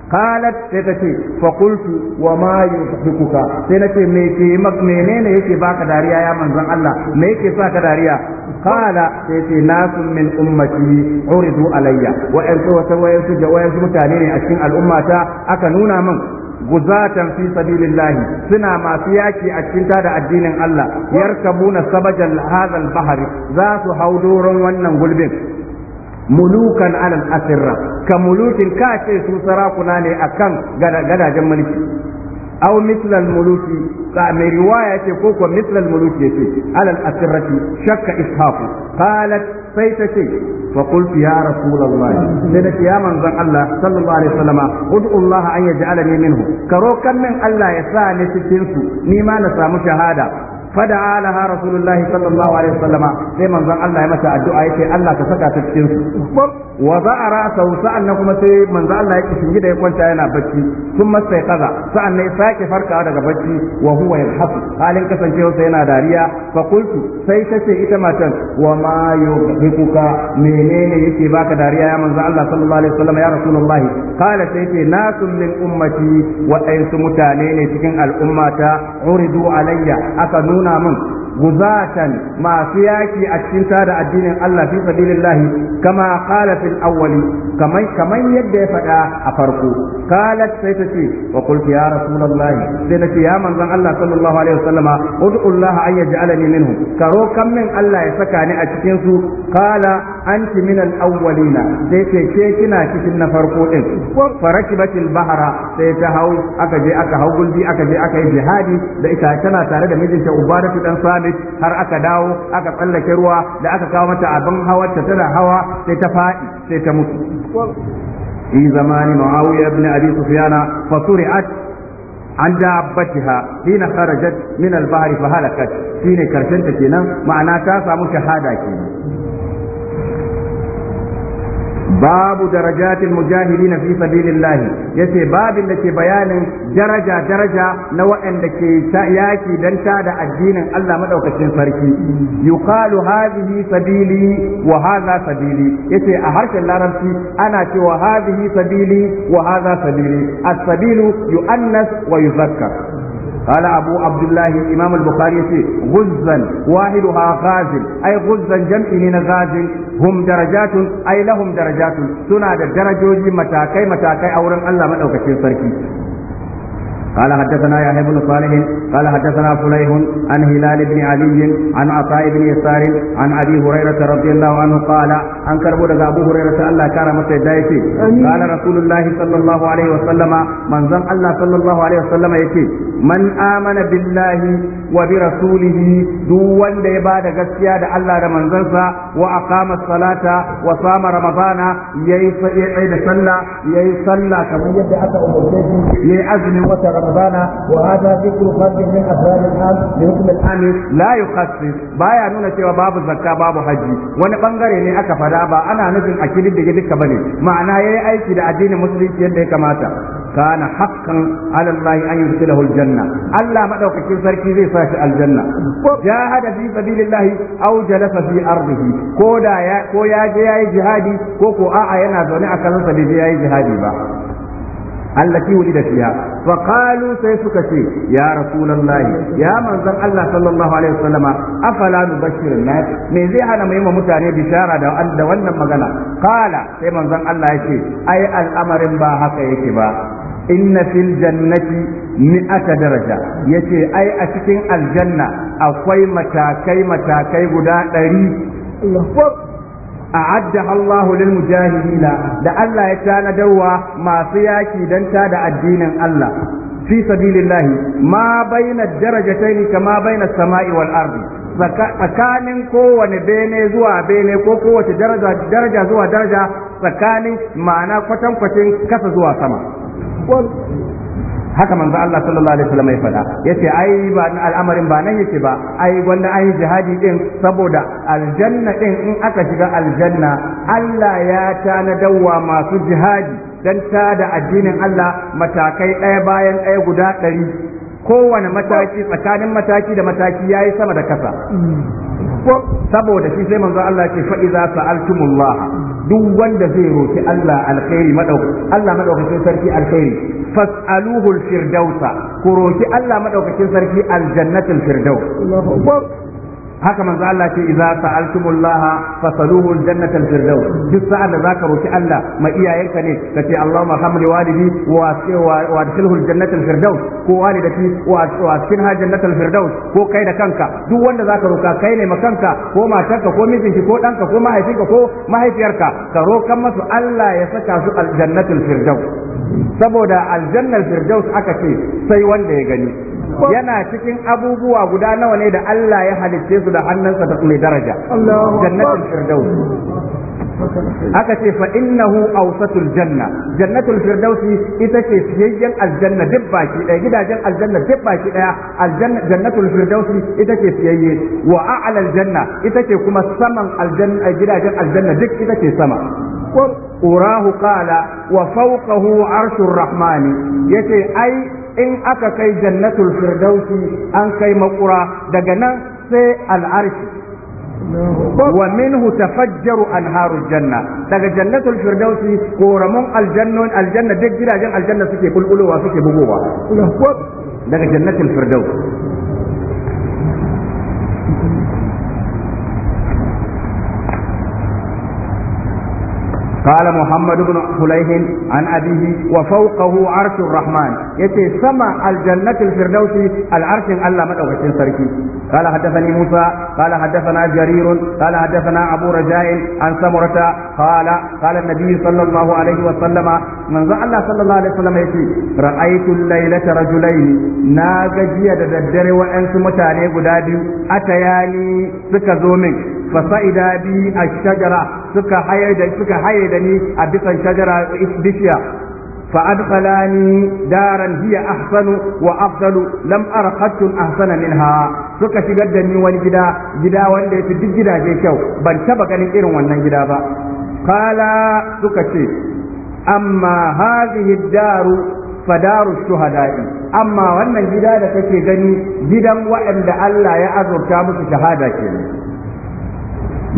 qalat sai ta ce fa qultu wa ma yudhikuka sai nace me ke mak menene yake baka dariya ya manzo Allah me yake sa ka dariya qala sai ce nasu min ummati uridu alayya wa an su mutane ne a cikin al'ummata aka nuna min guzatan fi sabilillahi suna masu yaki a cikin tada addinin Allah yarkabuna sabajan hadal bahari za su hau doron wannan gulbin mulukan alal asirra ka mulukin ka ce su sarakuna ne akan gadajen mulki aw mislal muluki ka mai riwaya ce ko ko mislal muluki yace alal asirrati shakka ishafu qalat sai ta ce fa qultu ya rasulullahi sai da ya manzon Allah sallallahu alaihi wasallama ud'u Allah an yaj'alani minhu karo kan min Allah ya sa ni cikinsu su ni ma na samu shahada fada'a laha rasulullahi sallallahu alaihi wasallama sai manzon Allah ya mata addu'a yace Allah ta saka ta cikin wa za a rasa sa'an nan kuma sai manzo Allah ya kishin da ya kwanta yana bacci sun masai kaza sa'an nan sake farkawa daga bacci wa huwa yalhafu halin kasancewarsa yana dariya fa qultu sai ce ita matan wa ma yughikuka menene yake baka dariya ya manzo Allah sallallahu alaihi wasallam ya rasulullah sai ce nasun min ummati wa mutane ne cikin al'ummata uridu alayya aka nuna min guzatan masu yaki a cikin sada addinin Allah fi sabilillah kama qala fil awwali kaman kaman yadda ya faɗa a farko kala sai ta ce wa qultu ya rasulullahi sai na ya manzon Allah sallallahu alaihi wasallama ud'u Allah an yaj'alani minhum karo kan min Allah ya saka ni a cikin su qala anti min al-awwalina sai ce ke kina cikin na farko din ko farakibatil bahra sai ta hau aka je aka hau gulbi aka je aka yi jihadi da ita tana tare da mijinta ubaratu dan sabit har aka dawo aka tsallake ruwa da aka kawo mata abin hawa ta tana hawa sai ta faɗi sai ta mutu في زمان معاوية بن أبي سفيان فصرعت عن دابتها حين خرجت من البحر فهلكت شيني كرشنت كينا معناها تاسع مشهادة كينا babu darajatil mujahidin fi sabilillah yace babin da ke bayanin daraja daraja na waɗanda ke yaki dan ta da addinin Allah madaukakin sarki yuqalu hadhihi sabili wa hadha sabili yace a harshen larabci ana cewa hadhihi sabili wa hadha sabili as-sabilu yu'annas wa yuzakkar قال أبو عبد الله الإمام البخاري غزا واحدها غازل أي غزا جمع من غازل هم درجات أي لهم درجات سنة درجوج متاكي متاكي أورا الله من أوكتين سركي قال حدثنا يحيى بن صالح قال حدثنا فليح عن هلال بن علي عن عطاء بن يسار عن ابي هريره رضي الله عنه قال عن كربو ابو هريره الله كان متدايتي قال رسول الله صلى الله عليه وسلم من زم الله صلى الله عليه وسلم يتي man amana billahi wa bi rasulihi duk wanda ya bada gaskiya da Allah da manzansa wa aqama salata wa sama ramadana yayi sai da sallah yayi sallah kamar yadda aka umarce shi yayi azumin wata ramadana wa hada dhikru fadl min afrad al-am al-am la yukhassis baya nuna cewa babu zakka babu hajji. wani ɓangare ne aka fada ba ana nufin a kididdige duka ne, ma'ana yayi aiki da addinin musulunci yadda ya kamata kana haqqan ala Allah an yudkhilahu aljanna Allah maɗaukacin sarki zai sa shi aljanna jahada fi sabilillah aw jalasa fi ardihi da ya ko ya je yayi jihadi ko ko a'a yana zaune a kansa bai je yayi jihadi ba التي ولد فيها فقالوا سيسك يا رسول الله يا من زن الله صلى الله عليه وسلم أفلا نبشر الناس من زي أنا مهم متاني بشارة دو أن دو أن مغنى قال سي من زن الله يشي أي الأمر با حق يكي با inna fil jannati ni daraja ya ce ai a cikin aljanna akwai matakai matakai guda ɗari a adda Allah lil mujahidina da Allah ya tanadar wa masu yaki don ta da addinin Allah fi sabilillahi ma bayna darajataini kama bayna sama'i wal ardi tsakanin kowane bene zuwa bene ko kowace daraja daraja zuwa daraja tsakanin ma'ana kwatankwacin kasa zuwa sama haka manzo Allah sallallahu alaihi wasallam ya faɗa yace ai ba na al'amarin ba nan yake ba ai wanda ai jihadi din saboda aljanna din in aka shiga aljanna Allah ya tanadawa masu jihadi dan ta da addinin Allah matakai ɗaya bayan ɗaya guda ɗari kowane mataki tsakanin mataki da mataki yayi sama da kasa mm. saboda shi sai manzo Allah ce fa iza sa'altumullah duk wanda zai roki Allah alkhairi madauk Allah madaukakin sarki alkhairi fas'aluhu alfirdausa ku roki Allah madaukakin sarki aljannatul firdaus haka manzo Allah ce idza alkimullaha fasaluhu aljannata alfirdaus duk sa'an da zaka roki Allah ma iyayenka ne kace Allahumma hamli walidi wa wa adkhilhu aljannata alfirdaus ko walidati wa adkhilha aljannata alfirdaus ko kai da kanka duk wanda zaka roka kai ne ma kanka ko matarka ko mijinki ko danka ko mahaifinka ko mahaifiyarka ka rokan masu Allah ya saka su aljannatul firdaus saboda aljannatul firdaus aka ce sai wanda ya gani yana cikin abubuwa guda nawa ne da Allah ya halicce su da hannunsa ta mai daraja jannatul firdaus aka ce fa innahu awsatul janna jannatul firdausi ita ce fiyayyen aljanna duk baki daya gidajen aljanna duk baki daya aljanna jannatul firdausi ita ce fiyayye wa a'la aljanna ita ce kuma saman aljanna eh, gidajen aljanna duk ita ce sama urahu qala wa fawqahu arshur rahmani yace ai in aka kai jannatul firdausi an kai makura daga nan sai al'arshi wa minhu tafajjaru anharul janna daga jannatul firdausi koramun aljannon aljanna duk gidajen aljanna suke kulkulowa suke bugowa daga jannatul firdausi قال محمد بن فليح عن أبيه وفوقه عرش الرحمن يتي سمع الجنة الفردوس العرش الله مدوغة سركي قال حدثني موسى قال حدثنا جرير قال حدثنا أبو رجاء عن سمرة قال قال النبي صلى الله عليه وسلم من الله صلى الله عليه وسلم يتي رأيت الليلة رجلين ناجي ددر وأنس متاني قدادي أتياني سكزومك فصعد بي الشجرة suka haye da suka haye da ni a bisan shajara bishiya fa adkhalani daran hiya ahsanu wa afdalu lam ara qattun ahsana minha suka shigar da ni wani gida gida wanda yafi duk gidaje kyau ban taba ganin irin wannan gida ba qala suka ce amma hadhihi daru fadaru shuhada'i amma wannan gida da kake gani gidan waɗanda Allah ya azurta musu shahada kenan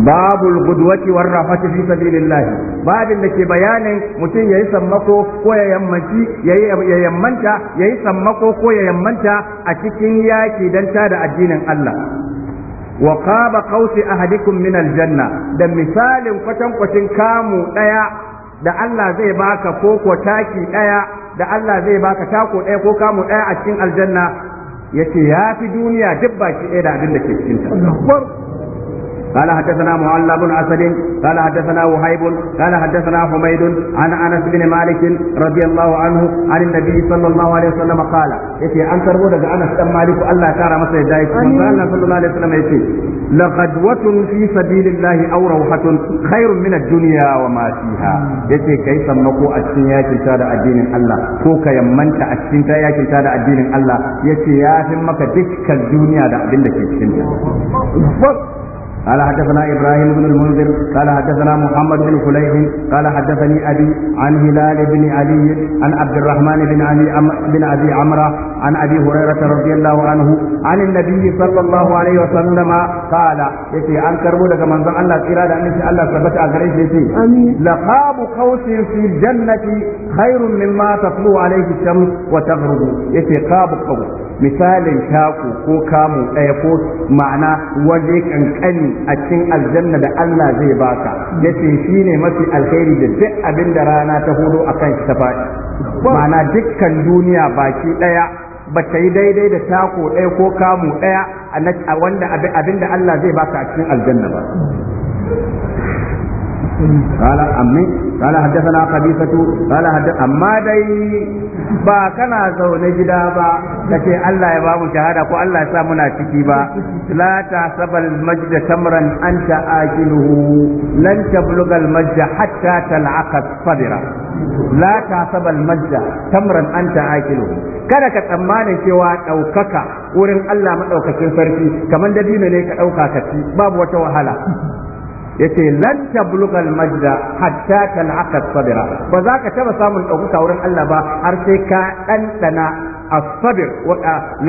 babul gudwati war rafati fi sabilillah babin da ke bayanin mutum yayi sammako ko ya yammanci yammanta yayi sammako ko ya yammanta a cikin yaki dan tada addinin Allah wa qaba qausi ahadikum min aljanna da misalin kwatan kwatin kamu ɗaya da Allah zai baka ko ko taki da Allah zai baka taku ɗaya ko kamu ɗaya a cikin aljanna yace ya fi duniya duk baki ɗaya da abin da ke cikin ta قال حدثنا معلى بن اسد قال حدثنا وهيب قال حدثنا حميد عن انس بن مالك رضي الله عنه عن النبي صلى الله عليه وسلم قال يتي ان تربو daga انس بن مالك الله كار مسا يدايك الله صلى الله عليه وسلم يتي لغدوة في سبيل الله او روحة خير من الدنيا وما فيها yace kai sammako a cikin yakin ta da addinin Allah ko ka yammanta a cikin ta yakin ta da addinin Allah yace ya fi maka dukkan duniya da abin da ke cikin ta قال حدثنا ابراهيم بن المنذر قال حدثنا محمد بن خليف قال حدثني ابي عن هلال بن علي عن عبد الرحمن بن علي بن ابي عمره عن ابي هريره رضي الله عنه عن النبي صلى الله عليه وسلم قال يتي عن كربو daga manzon Allah tsira da annabi Allah tabbata a gare shi yace laqabu qausin fi jannati khairun mimma tatlu alayhi shams wa taghrubu yace qabu qaus misalin taku ko kamu ɗaya ko ma'ana waje kankani a cikin aljanna da Allah zai baka yace shine mafi alkhairi da duk abin da rana ta hudu akan shi ta faɗi ma'ana dukkan duniya baki ɗaya ba ta yi daidai da taku ɗaya ko kamu ɗaya a wanda abin da Allah zai baka a cikin aljanna ba قال أمي قال حدثنا قبيصة قال حدث أما داي با كنا زون جدا با لكي الله يبام شهادة كو الله سامنا تكي با لا تحسب المجد تمرا أنت آكله لن تبلغ المجد حتى تلعق الصدر لا تحسب المجد تمرا أنت آكله kada ka tsammanin cewa ɗaukaka wurin Allah maɗaukakin sarki kamar da dabino ne ka ɗauka ka ci babu wata wahala yace lan tablugha al-majda hatta tal'aqa sabira ba za ka taba samun ɗaukaka wurin Allah ba har sai ka ɗanɗana as-sabir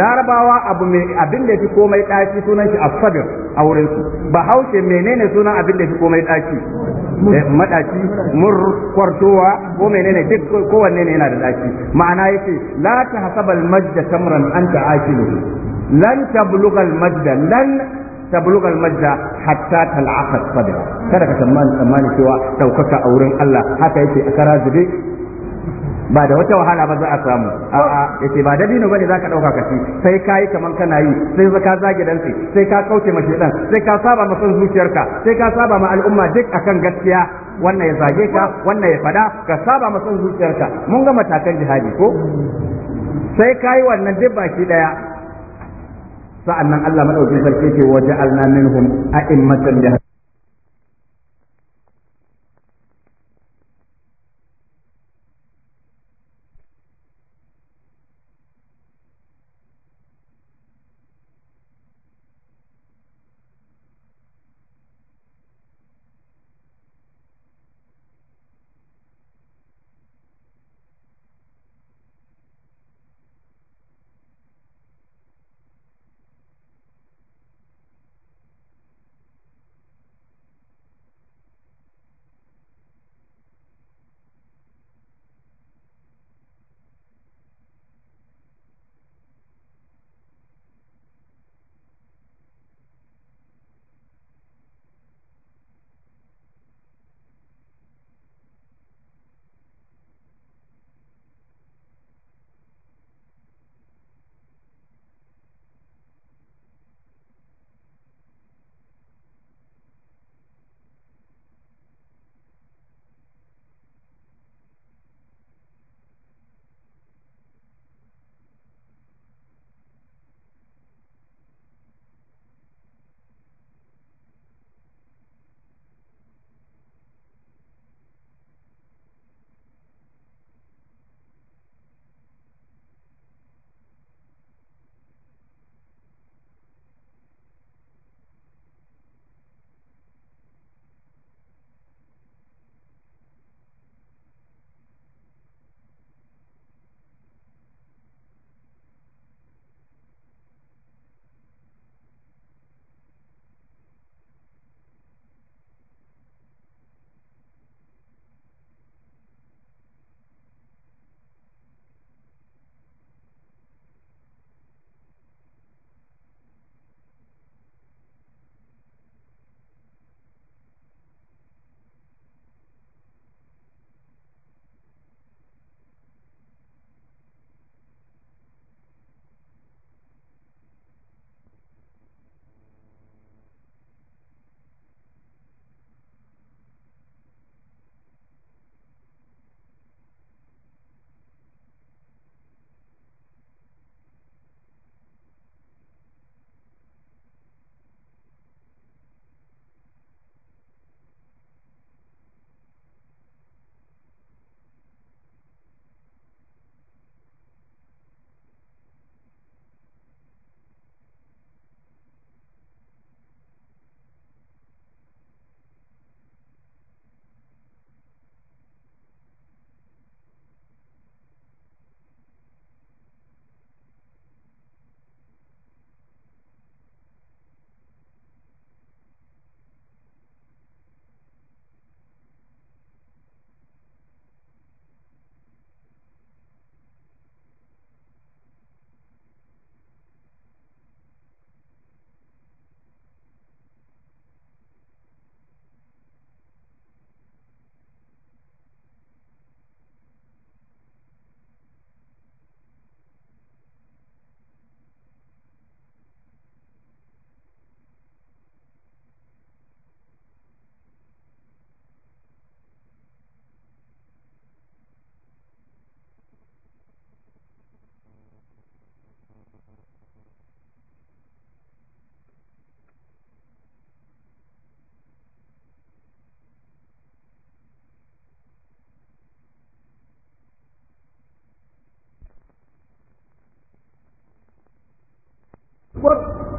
larabawa abu mai abin da yake komai ɗaci sunan shi as-sabir a wurin su ba haushe menene sunan abin da yake komai ɗaci eh, madaki mur kwartowa ko menene duk kowanne ne yana da ɗaci ma'ana yace la tahsabal majda tamran anta akilu lan tablugha al-majda lan تبلغ المجد حتى تلعق الصدر kada ka tsammani tsammani cewa ɗaukaka a wurin Allah haka yake a kara zube ba da wata wahala ba za a samu a'a yace ba dabino ka ɗauka ka kaci sai kayi kaman kana yi sai zaka zage dantsi sai ka kauce mashi dan sai ka saba ma son zuciyarka sai ka saba ma al'umma duk akan gaskiya wannan ya zage ka wannan ya faɗa ka saba ma son zuciyarka mun ga matakan jihadi ko sai kai wannan duk baki daya sa'annan Allah madaukakin sarki ce waje alna minhum jihar.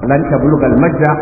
lan tablugha al